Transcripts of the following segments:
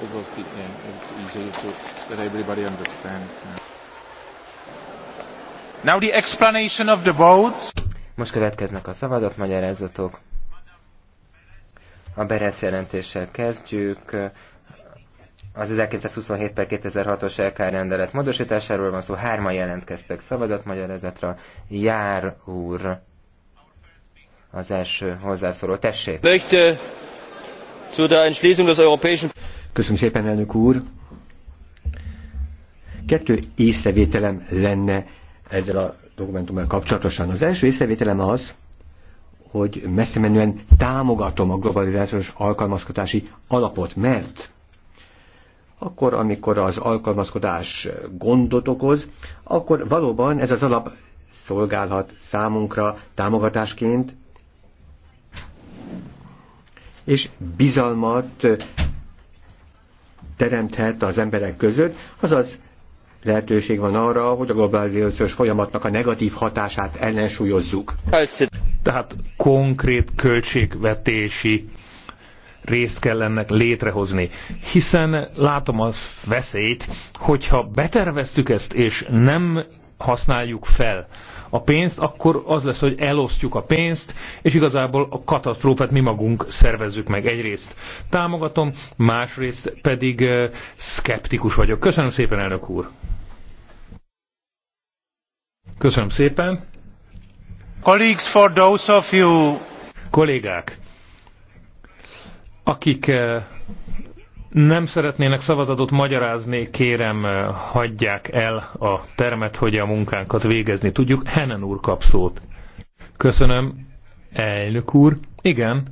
because it, it's easy to, that everybody understands. Now the explanation of the votes. Most következnek a szavazat magyarázatok. A Beres jelentéssel kezdjük. Az 1927 per 2006-os LK rendelet módosításáról van szó. Hárman jelentkeztek szavazatmagyarázatra. Jár úr az első hozzászóló. Tessék! Möchte zu der Entschließung des Europäischen Köszönöm szépen, elnök úr. Kettő észrevételem lenne ezzel a dokumentummal kapcsolatosan. Az első észrevételem az, hogy messze menően támogatom a globalizációs alkalmazkodási alapot, mert akkor, amikor az alkalmazkodás gondot okoz, akkor valóban ez az alap szolgálhat számunkra támogatásként, és bizalmat teremthet az emberek között, azaz lehetőség van arra, hogy a globalizációs folyamatnak a negatív hatását ellensúlyozzuk. Tehát konkrét költségvetési részt kell ennek létrehozni. Hiszen látom az veszélyt, hogyha beterveztük ezt és nem használjuk fel, a pénzt, akkor az lesz, hogy elosztjuk a pénzt, és igazából a katasztrófát mi magunk szervezzük meg egyrészt. Támogatom, másrészt pedig szkeptikus vagyok. Köszönöm szépen, elnök úr! Köszönöm szépen! Colleagues for those of you... Kollégák, akik nem szeretnének szavazatot magyarázni, kérem eh, hagyják el a termet, hogy a munkánkat végezni tudjuk. Henen úr kap szót. Köszönöm, elnök úr. Igen,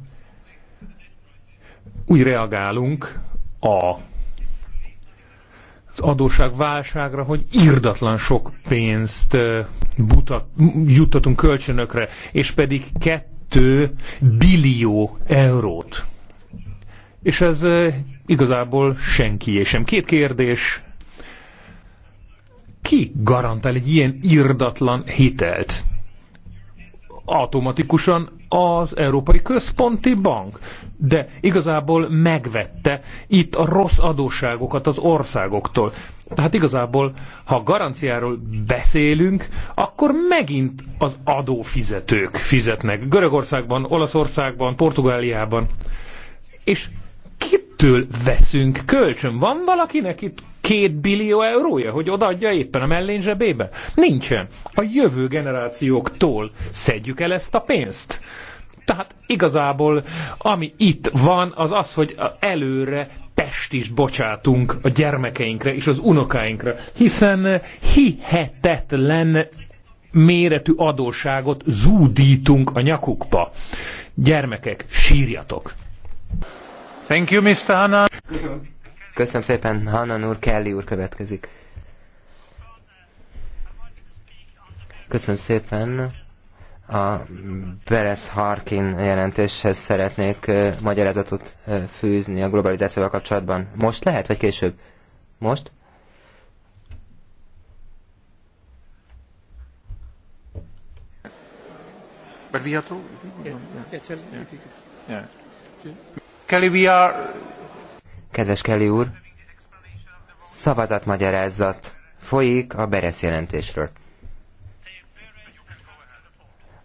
úgy reagálunk a az adósság válságra, hogy irdatlan sok pénzt eh, buta juttatunk kölcsönökre, és pedig 2 billió eurót. És ez eh, igazából és sem. Két kérdés. Ki garantál egy ilyen irdatlan hitelt? Automatikusan az Európai Központi Bank. De igazából megvette itt a rossz adósságokat az országoktól. Tehát igazából, ha garanciáról beszélünk, akkor megint az adófizetők fizetnek. Görögországban, Olaszországban, Portugáliában. És kitől veszünk kölcsön? Van valakinek itt két billió eurója, hogy odaadja éppen a zsebébe? Nincsen. A jövő generációktól szedjük el ezt a pénzt. Tehát igazából, ami itt van, az az, hogy előre test is bocsátunk a gyermekeinkre és az unokáinkra, hiszen hihetetlen méretű adósságot zúdítunk a nyakukba. Gyermekek, sírjatok! Thank you, Mr. Hanan. Köszönöm. szépen, Hanna úr, Kelly úr következik. Köszönöm szépen. A Beres Harkin jelentéshez szeretnék magyarázatot fűzni a globalizációval kapcsolatban. Most lehet, vagy később? Most? Barbiato? Yeah. Yeah. Yeah. Yeah. Yeah. Kelly, we are... Kedves Kelly úr, szavazatmagyarázat folyik a Beres jelentésről.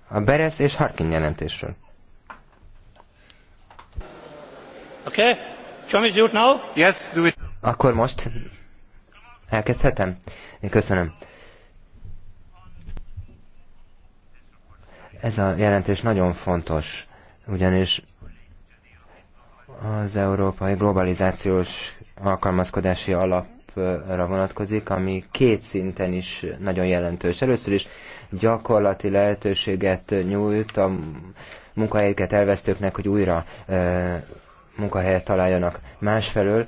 A Beres és Harkin jelentésről. Okay. Do do it now? Yes, do it. Akkor most elkezdhetem? Köszönöm. Ez a jelentés nagyon fontos, ugyanis az európai globalizációs alkalmazkodási alapra vonatkozik, ami két szinten is nagyon jelentős. Először is gyakorlati lehetőséget nyújt a munkahelyeket elvesztőknek, hogy újra munkahelyet találjanak. Másfelől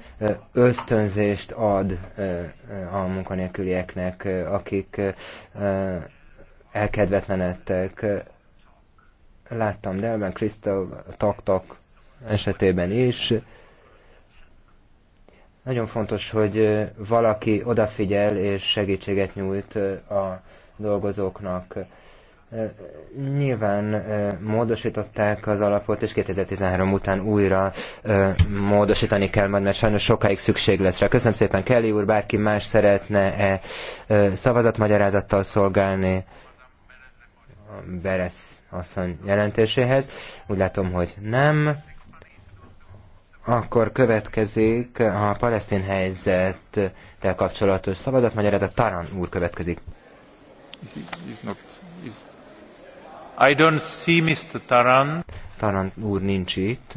ösztönzést ad a munkanélkülieknek, akik elkedvetlenedtek. Láttam Delben Crystal Taktak esetében is. Nagyon fontos, hogy valaki odafigyel és segítséget nyújt a dolgozóknak. Nyilván módosították az alapot, és 2013 után újra módosítani kell majd, mert sajnos sokáig szükség lesz rá. Köszönöm szépen, Kelly úr, bárki más szeretne-e szavazatmagyarázattal szolgálni Beresz asszony jelentéséhez? Úgy látom, hogy nem. Akkor következik a palesztin helyzettel kapcsolatos a Taran úr következik. He's not, he's... I don't see Mr. Taran. Taran úr nincs itt.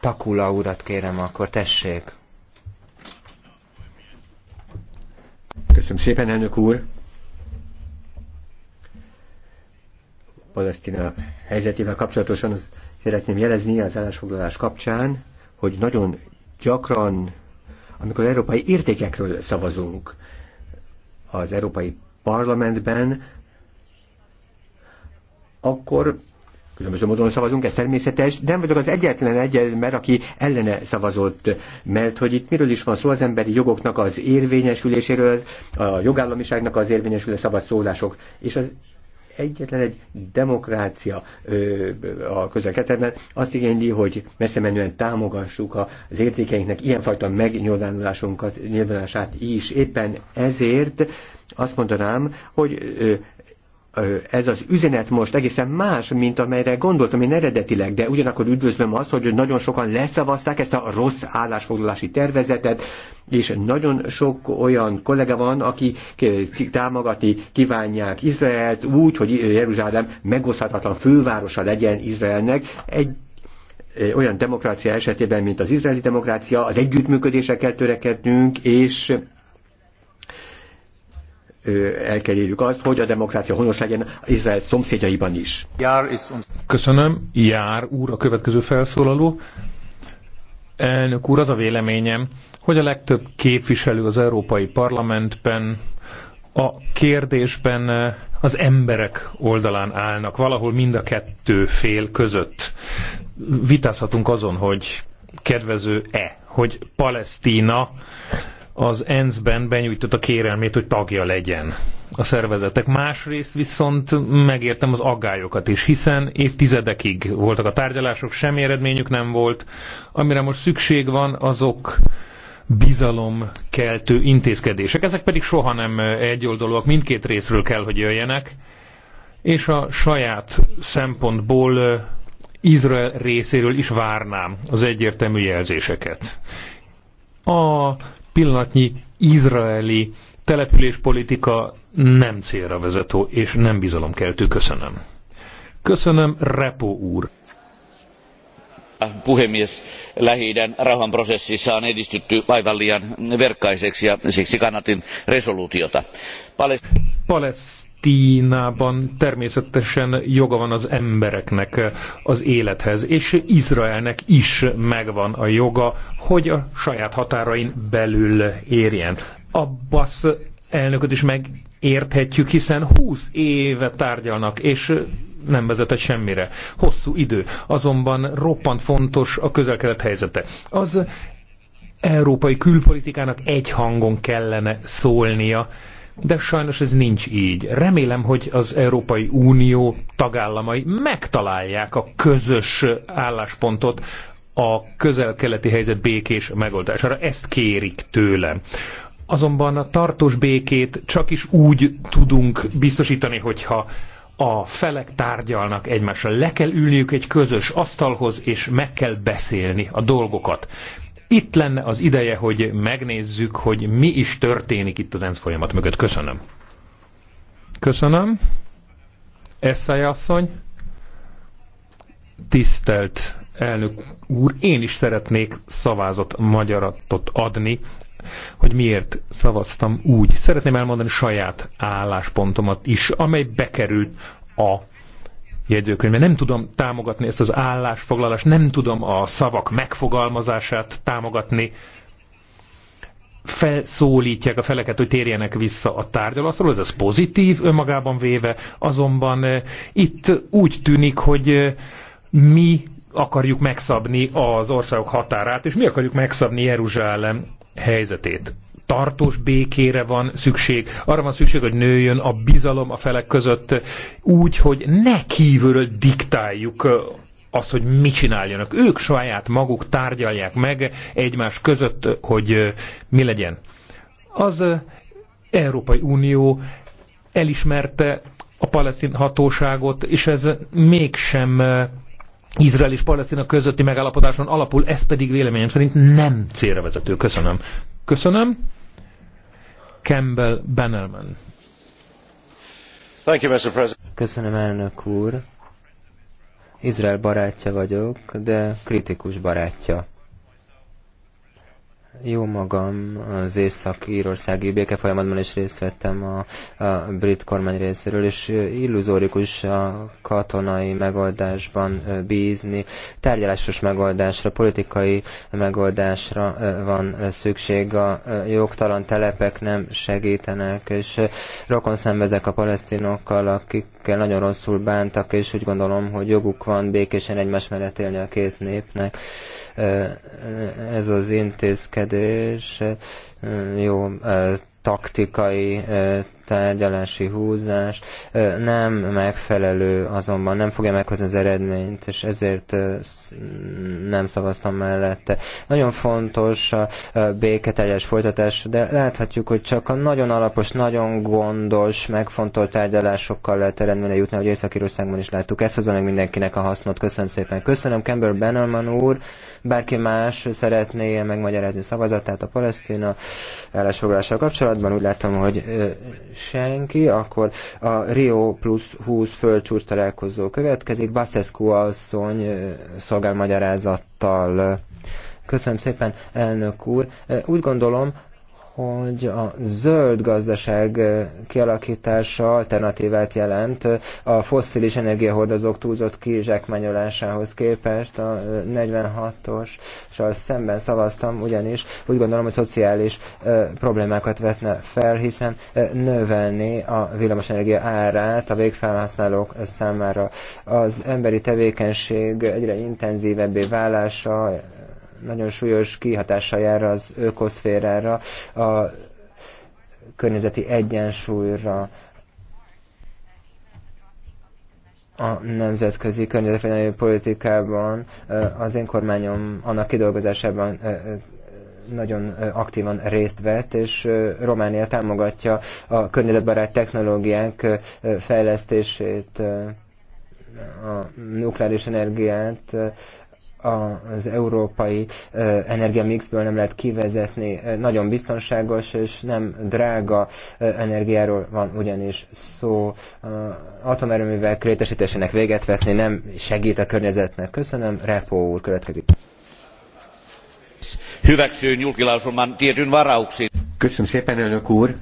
Takula urat kérem, akkor tessék. Köszönöm szépen, elnök úr. Palesztina helyzetével kapcsolatosan az szeretném jelezni az állásfoglalás kapcsán, hogy nagyon gyakran, amikor európai értékekről szavazunk az Európai Parlamentben, akkor különböző módon szavazunk, ez természetes, de nem vagyok az egyetlen mert aki ellene szavazott, mert hogy itt miről is van szó, az emberi jogoknak az érvényesüléséről, a jogállamiságnak az érvényesülő szabad szólások, és az egyetlen egy demokrácia ö, a közel azt igényli, hogy messze menően támogassuk az értékeinknek ilyenfajta megnyilvánulásunkat, nyilvánulását is. Éppen ezért azt mondanám, hogy ez az üzenet most egészen más, mint amelyre gondoltam én eredetileg, de ugyanakkor üdvözlöm azt, hogy nagyon sokan leszavazták ezt a rossz állásfoglalási tervezetet, és nagyon sok olyan kollega van, aki támogatni kívánják Izraelt úgy, hogy Jeruzsálem megoszthatatlan fővárosa legyen Izraelnek. Egy olyan demokrácia esetében, mint az izraeli demokrácia, az együttműködésre kell törekednünk, és el kell érjük azt, hogy a demokrácia honos legyen Izrael szomszédjaiban is. Köszönöm. Jár úr a következő felszólaló. Elnök úr, az a véleményem, hogy a legtöbb képviselő az Európai Parlamentben a kérdésben az emberek oldalán állnak, valahol mind a kettő fél között. Vitázhatunk azon, hogy kedvező-e, hogy Palesztína az ENSZ-ben benyújtott a kérelmét, hogy tagja legyen a szervezetek. Másrészt viszont megértem az aggályokat is, hiszen évtizedekig voltak a tárgyalások, semmi eredményük nem volt. Amire most szükség van, azok bizalomkeltő intézkedések. Ezek pedig soha nem egyoldalúak, mindkét részről kell, hogy jöjjenek. És a saját szempontból Izrael részéről is várnám az egyértelmű jelzéseket. A pillanatnyi izraeli településpolitika nem célra vezető és nem bizalomkeltő. Köszönöm. Köszönöm, Repo úr. Puhemies, lähi rauhan prosessissa on edistytty aivan liian verkkaiseksi ja siksi kannatin resoluutiota. Palest- Palest- Palesztínában természetesen joga van az embereknek az élethez, és Izraelnek is megvan a joga, hogy a saját határain belül érjen. Abbas elnököt is megérthetjük, hiszen 20 éve tárgyalnak, és nem vezetett semmire. Hosszú idő. Azonban roppant fontos a közelkelet helyzete. Az európai külpolitikának egy hangon kellene szólnia, de sajnos ez nincs így. Remélem, hogy az Európai Unió tagállamai megtalálják a közös álláspontot a közel-keleti helyzet békés megoldására. Ezt kérik tőlem. Azonban a tartós békét csak is úgy tudunk biztosítani, hogyha a felek tárgyalnak egymással. Le kell ülniük egy közös asztalhoz, és meg kell beszélni a dolgokat itt lenne az ideje, hogy megnézzük, hogy mi is történik itt az ENSZ folyamat mögött. Köszönöm. Köszönöm. Eszály asszony. Tisztelt elnök úr, én is szeretnék szavázat magyaratot adni, hogy miért szavaztam úgy. Szeretném elmondani saját álláspontomat is, amely bekerült a jegyzőkönyvben. Nem tudom támogatni ezt az állásfoglalást, nem tudom a szavak megfogalmazását támogatni. Felszólítják a feleket, hogy térjenek vissza a tárgyalásról, ez az pozitív önmagában véve, azonban eh, itt úgy tűnik, hogy eh, mi akarjuk megszabni az országok határát, és mi akarjuk megszabni Jeruzsálem helyzetét tartós békére van szükség. Arra van szükség, hogy nőjön a bizalom a felek között úgy, hogy ne kívülről diktáljuk azt, hogy mit csináljanak. Ők saját maguk tárgyalják meg egymás között, hogy mi legyen. Az Európai Unió elismerte a palesztin hatóságot, és ez mégsem Izrael és Palesztina közötti megállapodáson alapul, ez pedig véleményem szerint nem célra vezető. Köszönöm. Köszönöm. Campbell Bannerman. Thank you, Mr. President. Köszönöm, elnök úr. Izrael barátja vagyok, de kritikus barátja. Jó magam, az Észak-Írországi békefolyamatban is részt vettem a, a brit kormány részéről, és illuzórikus a katonai megoldásban bízni. Tárgyalásos megoldásra, politikai megoldásra van szükség. A jogtalan telepek nem segítenek, és rokon szembezek a palesztinokkal, akikkel nagyon rosszul bántak, és úgy gondolom, hogy joguk van békésen egymás mellett élni a két népnek. Ez az intézkedés jó taktikai tárgyalási húzás nem megfelelő, azonban nem fogja meghozni az eredményt, és ezért nem szavaztam mellette. Nagyon fontos a béketárgyalás folytatás, de láthatjuk, hogy csak a nagyon alapos, nagyon gondos, megfontolt tárgyalásokkal lehet eredményre jutni, ahogy Észak-Írországban is láttuk. Ez hozza meg mindenkinek a hasznot. Köszönöm szépen. Köszönöm Kember Benelman úr. Bárki más szeretné megmagyarázni szavazatát a palesztina állásfoglalással kapcsolatban. Úgy látom, hogy senki, akkor a Rio plusz 20 földcsúcs találkozó következik. Baszescu asszony szolgálmagyarázattal. Köszönöm szépen, elnök úr. Úgy gondolom, hogy a zöld gazdaság kialakítása alternatívát jelent a fosszilis energiahordozók túlzott kizsákmányolásához képest a 46-os, és az szemben szavaztam, ugyanis úgy gondolom, hogy szociális problémákat vetne fel, hiszen növelni a villamosenergia árát a végfelhasználók számára. Az emberi tevékenység egyre intenzívebbé válása, nagyon súlyos kihatással jár az ökoszférára, a környezeti egyensúlyra, a nemzetközi környezetvédelmi politikában az én kormányom annak kidolgozásában nagyon aktívan részt vett, és Románia támogatja a környezetbarát technológiák fejlesztését, a nukleáris energiát az európai energiamixből nem lehet kivezetni. Nagyon biztonságos és nem drága energiáról van ugyanis szó. Atomerőművek létesítésének véget vetni nem segít a környezetnek. Köszönöm, Repo úr következik. Hyväksyin julkilausuman tietyn varauksin. Köszönöm szépen, elnök úr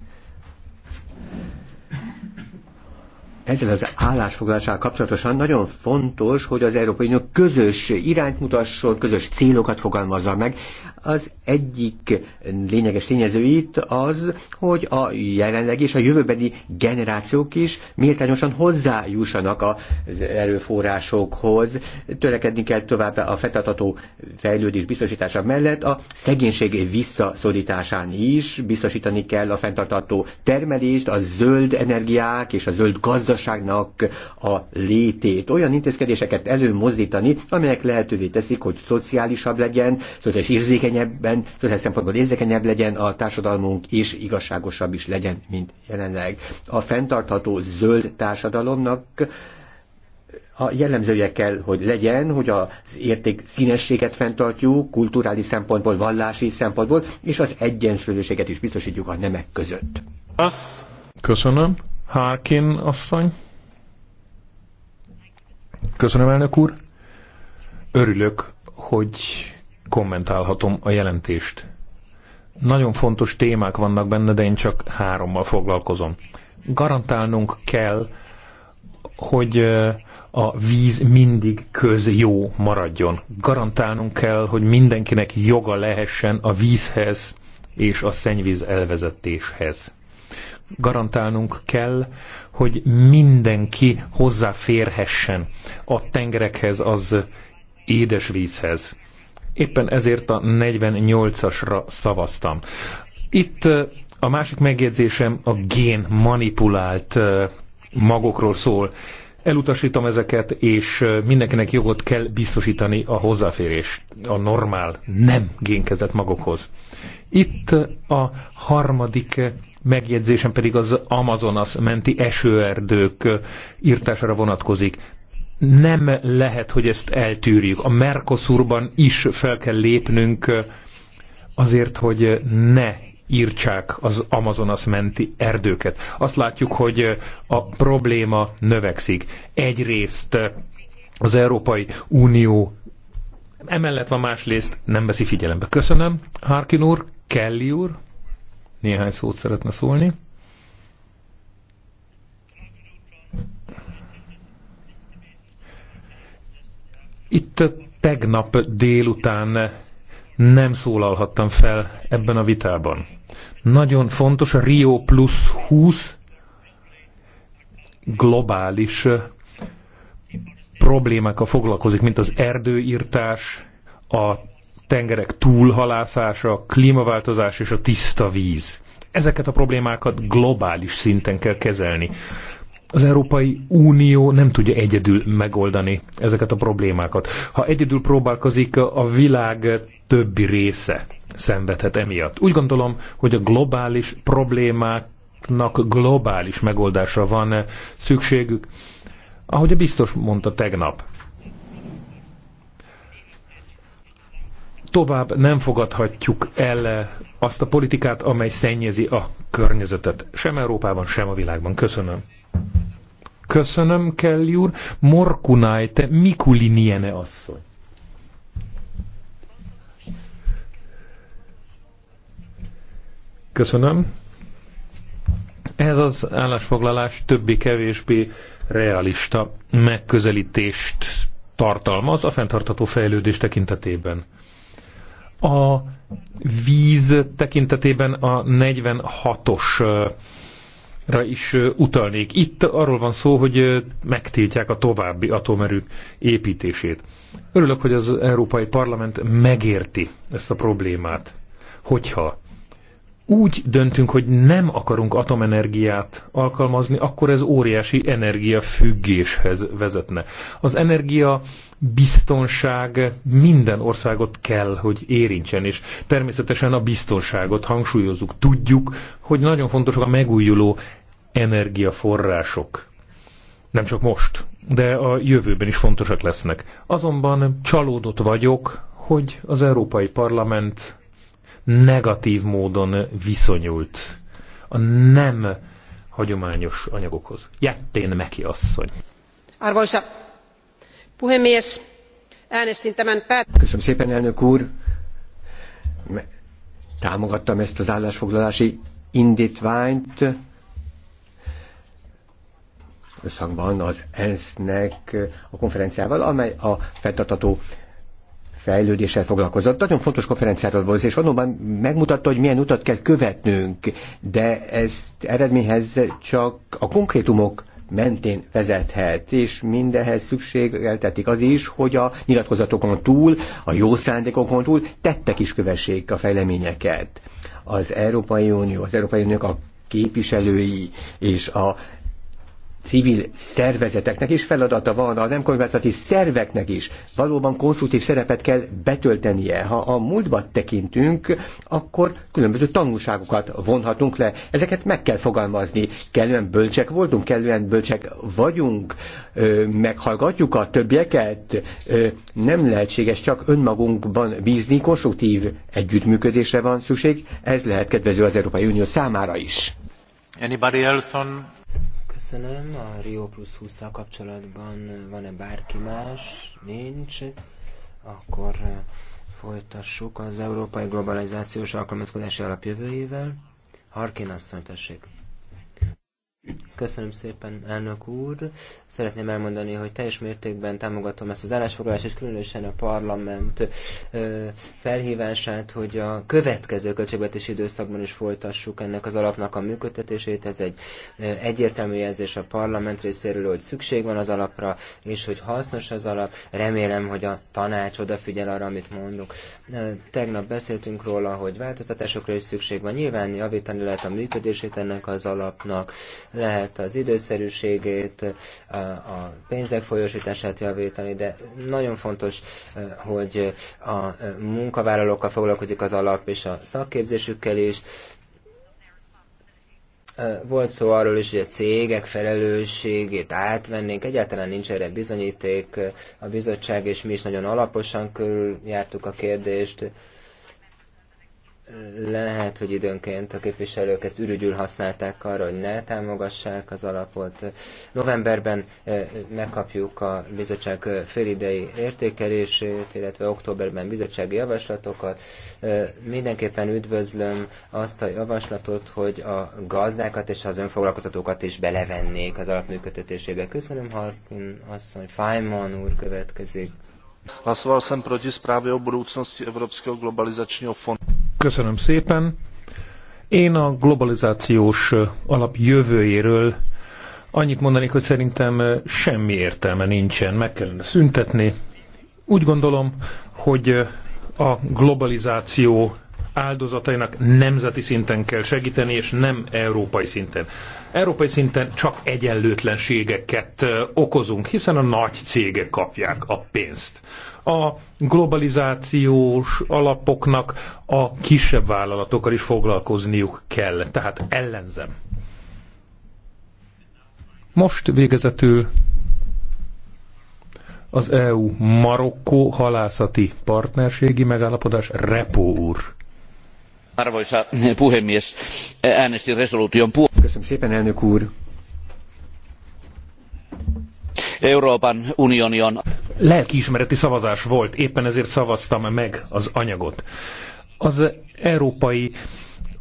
ezzel az állásfoglalással kapcsolatosan nagyon fontos, hogy az Európai Unió közös irányt mutasson, közös célokat fogalmazza meg az egyik lényeges tényező itt az, hogy a jelenleg és a jövőbeni generációk is méltányosan hozzájussanak az erőforrásokhoz. Törekedni kell továbbá a fenntartható fejlődés biztosítása mellett a szegénység visszaszorításán is biztosítani kell a fenntartható termelést, a zöld energiák és a zöld gazdaságnak a létét. Olyan intézkedéseket előmozdítani, amelyek lehetővé teszik, hogy szociálisabb legyen, szociális érzékeny érzékenyebben, szociális szempontból érzékenyebb legyen a társadalmunk, és igazságosabb is legyen, mint jelenleg. A fenntartható zöld társadalomnak a jellemzője kell, hogy legyen, hogy az érték színességet fenntartjuk, kulturális szempontból, vallási szempontból, és az egyensúlyoséget is biztosítjuk a nemek között. Köszönöm. Harkin asszony. Köszönöm, elnök úr. Örülök, hogy kommentálhatom a jelentést. Nagyon fontos témák vannak benne, de én csak hárommal foglalkozom. Garantálnunk kell, hogy a víz mindig közjó maradjon. Garantálnunk kell, hogy mindenkinek joga lehessen a vízhez és a szennyvíz elvezetéshez. Garantálnunk kell, hogy mindenki hozzáférhessen a tengerekhez, az édesvízhez. Éppen ezért a 48-asra szavaztam. Itt a másik megjegyzésem a gén manipulált magokról szól. Elutasítom ezeket, és mindenkinek jogot kell biztosítani a hozzáférés a normál, nem génkezett magokhoz. Itt a harmadik megjegyzésem pedig az Amazonas menti esőerdők írtására vonatkozik nem lehet, hogy ezt eltűrjük. A Mercosurban is fel kell lépnünk azért, hogy ne írtsák az Amazonas menti erdőket. Azt látjuk, hogy a probléma növekszik. Egyrészt az Európai Unió emellett van másrészt, nem veszi figyelembe. Köszönöm, Harkin úr, Kelly úr, néhány szót szeretne szólni. Itt tegnap délután nem szólalhattam fel ebben a vitában. Nagyon fontos a Rio Plus 20 globális problémákkal foglalkozik, mint az erdőírtás, a tengerek túlhalászása, a klímaváltozás és a tiszta víz. Ezeket a problémákat globális szinten kell kezelni. Az Európai Unió nem tudja egyedül megoldani ezeket a problémákat. Ha egyedül próbálkozik, a világ többi része szenvedhet emiatt. Úgy gondolom, hogy a globális problémáknak globális megoldásra van szükségük. Ahogy a biztos mondta tegnap, tovább nem fogadhatjuk el azt a politikát, amely szennyezi a környezetet. Sem Európában, sem a világban. Köszönöm. Köszönöm, Kelly úr. Morkunájte Mikuliniene asszony. Köszönöm. Ez az állásfoglalás többi-kevésbé realista megközelítést tartalmaz a fenntartató fejlődés tekintetében. A víz tekintetében a 46-os ra is utalnék. Itt arról van szó, hogy megtiltják a további atomerők építését. Örülök, hogy az Európai Parlament megérti ezt a problémát. Hogyha úgy döntünk, hogy nem akarunk atomenergiát alkalmazni, akkor ez óriási energiafüggéshez vezetne. Az energia biztonság minden országot kell, hogy érintsen, és természetesen a biztonságot hangsúlyozzuk. Tudjuk, hogy nagyon fontosak a megújuló energiaforrások. Nem csak most, de a jövőben is fontosak lesznek. Azonban csalódott vagyok, hogy az Európai Parlament negatív módon viszonyult a nem hagyományos anyagokhoz. Jettén Meki asszony. Arvoisa puhemies, äänestin tämän päät... Köszönöm szépen, elnök úr. Támogattam ezt az állásfoglalási indítványt összhangban az ENSZ-nek a konferenciával, amely a fenntartató fejlődéssel foglalkozott. Nagyon fontos konferenciáról volt, és valóban megmutatta, hogy milyen utat kell követnünk, de ezt eredményhez csak a konkrétumok mentén vezethet, és mindehhez szükségeltetik az is, hogy a nyilatkozatokon túl, a jó szándékokon túl tettek is kövessék a fejleményeket. Az Európai Unió, az Európai Uniók a képviselői és a civil szervezeteknek is feladata van, a nem szerveknek is valóban konstruktív szerepet kell betöltenie. Ha a múltba tekintünk, akkor különböző tanulságokat vonhatunk le. Ezeket meg kell fogalmazni. Kellően bölcsek voltunk, kellően bölcsek vagyunk, ö, meghallgatjuk a többieket. Ö, nem lehetséges csak önmagunkban bízni, konstruktív együttműködésre van szükség. Ez lehet kedvező az Európai Unió számára is. Anybody else on Köszönöm. A Rio Plus 20 kapcsolatban van-e bárki más? Nincs. Akkor folytassuk az Európai Globalizációs Alkalmazkodási Alapjövőjével. Harkin asszony, tessék. Köszönöm szépen, elnök úr. Szeretném elmondani, hogy teljes mértékben támogatom ezt az állásfoglalást, és különösen a parlament felhívását, hogy a következő költségvetési időszakban is folytassuk ennek az alapnak a működtetését. Ez egy egyértelmű jelzés a parlament részéről, hogy szükség van az alapra, és hogy hasznos az alap. Remélem, hogy a tanács odafigyel arra, amit mondunk. Tegnap beszéltünk róla, hogy változtatásokra is szükség van. Nyilván javítani lehet a működését ennek az alapnak, lehet lehet az időszerűségét, a pénzek folyosítását javítani, de nagyon fontos, hogy a munkavállalókkal foglalkozik az alap és a szakképzésükkel is, volt szó arról is, hogy a cégek felelősségét átvennénk, egyáltalán nincs erre bizonyíték, a bizottság és mi is nagyon alaposan körüljártuk a kérdést, lehet, hogy időnként a képviselők ezt ürügyül használták arra, hogy ne támogassák az alapot. Novemberben eh, megkapjuk a bizottság eh, félidei értékelését, illetve októberben bizottsági javaslatokat. Eh, mindenképpen üdvözlöm azt a javaslatot, hogy a gazdákat és az önfoglalkoztatókat is belevennék az alapműködtetésébe. Köszönöm, Harkin asszony. Fájman úr következik. Hlasoval jsem proti zprávě o budoucnosti Evropského globalizačního fondu. Köszönöm szépen. Én a globalizációs alap jövőjéről annyit mondanék, hogy szerintem semmi értelme nincsen, meg kellene szüntetni. Úgy gondolom, hogy a globalizáció áldozatainak nemzeti szinten kell segíteni, és nem európai szinten. Európai szinten csak egyenlőtlenségeket okozunk, hiszen a nagy cégek kapják a pénzt a globalizációs alapoknak a kisebb vállalatokkal is foglalkozniuk kell. Tehát ellenzem. Most végezetül az EU Marokkó halászati partnerségi megállapodás Repo úr. Arvoisa puhemies, äänestin resoluution puol- Köszönöm szépen, elnök úr. Euroopan unioni on lelkiismereti szavazás volt, éppen ezért szavaztam meg az anyagot. Az Európai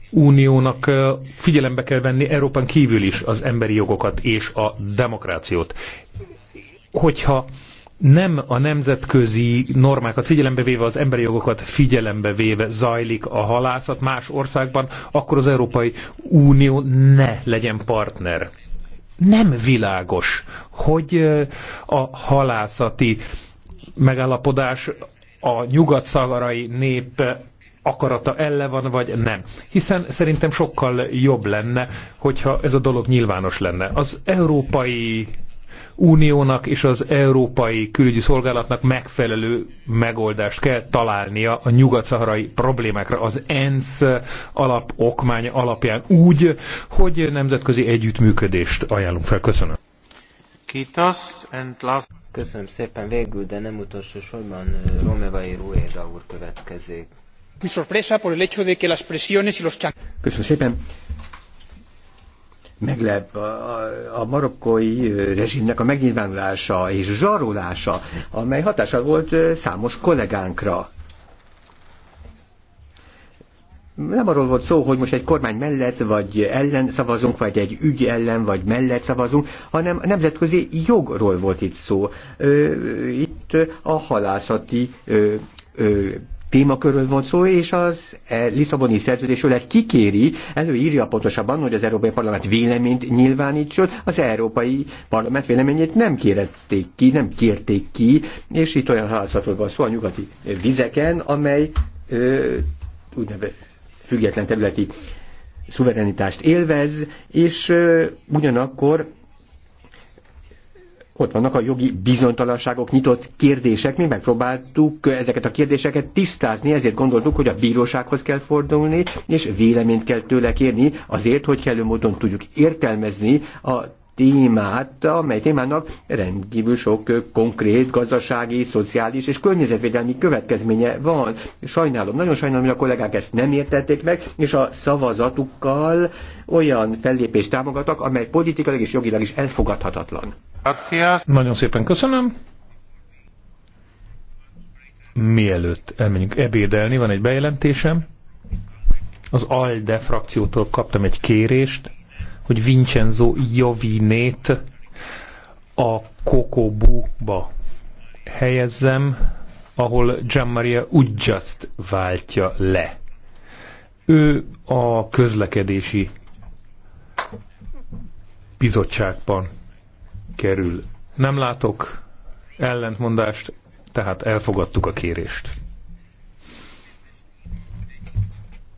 Uniónak figyelembe kell venni Európán kívül is az emberi jogokat és a demokrációt. Hogyha nem a nemzetközi normákat figyelembe véve, az emberi jogokat figyelembe véve zajlik a halászat más országban, akkor az Európai Unió ne legyen partner nem világos, hogy a halászati megállapodás a nyugat-szagarai nép akarata elle van, vagy nem. Hiszen szerintem sokkal jobb lenne, hogyha ez a dolog nyilvános lenne. Az Európai Uniónak és az Európai Külügyi Szolgálatnak megfelelő megoldást kell találnia a nyugat-szaharai problémákra az ENSZ alapokmánya alapján úgy, hogy nemzetközi együttműködést ajánlunk fel. Köszönöm. Köszönöm szépen végül, de nem utolsó sorban Romevai Rueda úr következik. Mi sorpresa por el hecho de que las presiones y los Köszönöm szépen meglep a, a marokkói rezsimnek a megnyilvánulása és zsarolása, amely hatása volt számos kollégánkra. Nem arról volt szó, hogy most egy kormány mellett vagy ellen szavazunk, vagy egy ügy ellen vagy mellett szavazunk, hanem a nemzetközi jogról volt itt szó. Itt a halászati témakörről van szó, és az e, Lisszaboni szerződésről kikéri, előírja pontosabban, hogy az Európai Parlament véleményt nyilvánítson, az Európai Parlament véleményét nem kérették ki, nem kérték ki, és itt olyan halászatról van szó a nyugati vizeken, amely ö, úgynevezett független területi szuverenitást élvez, és ö, ugyanakkor ott vannak a jogi bizonytalanságok, nyitott kérdések. Mi megpróbáltuk ezeket a kérdéseket tisztázni, ezért gondoltuk, hogy a bírósághoz kell fordulni, és véleményt kell tőle kérni, azért, hogy kellő módon tudjuk értelmezni a témát, amely témának rendkívül sok konkrét gazdasági, szociális és környezetvédelmi következménye van. Sajnálom, nagyon sajnálom, hogy a kollégák ezt nem értették meg, és a szavazatukkal olyan fellépést támogattak, amely politikailag és jogilag is elfogadhatatlan. Nagyon szépen köszönöm. Mielőtt elmenjünk ebédelni, van egy bejelentésem. Az ALDE frakciótól kaptam egy kérést, hogy Vincenzo Jovinét a Kokobuba helyezzem, ahol Gianmaria Ugyaszt váltja le. Ő a közlekedési bizottságban kerül. Nem látok ellentmondást, tehát elfogadtuk a kérést.